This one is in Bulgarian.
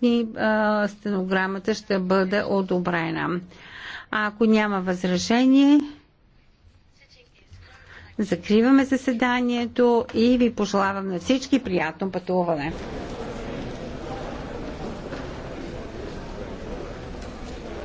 дни а, стенограмата ще бъде одобрена. А ако няма възражение, закриваме заседанието и ви пожелавам на всички приятно пътуване.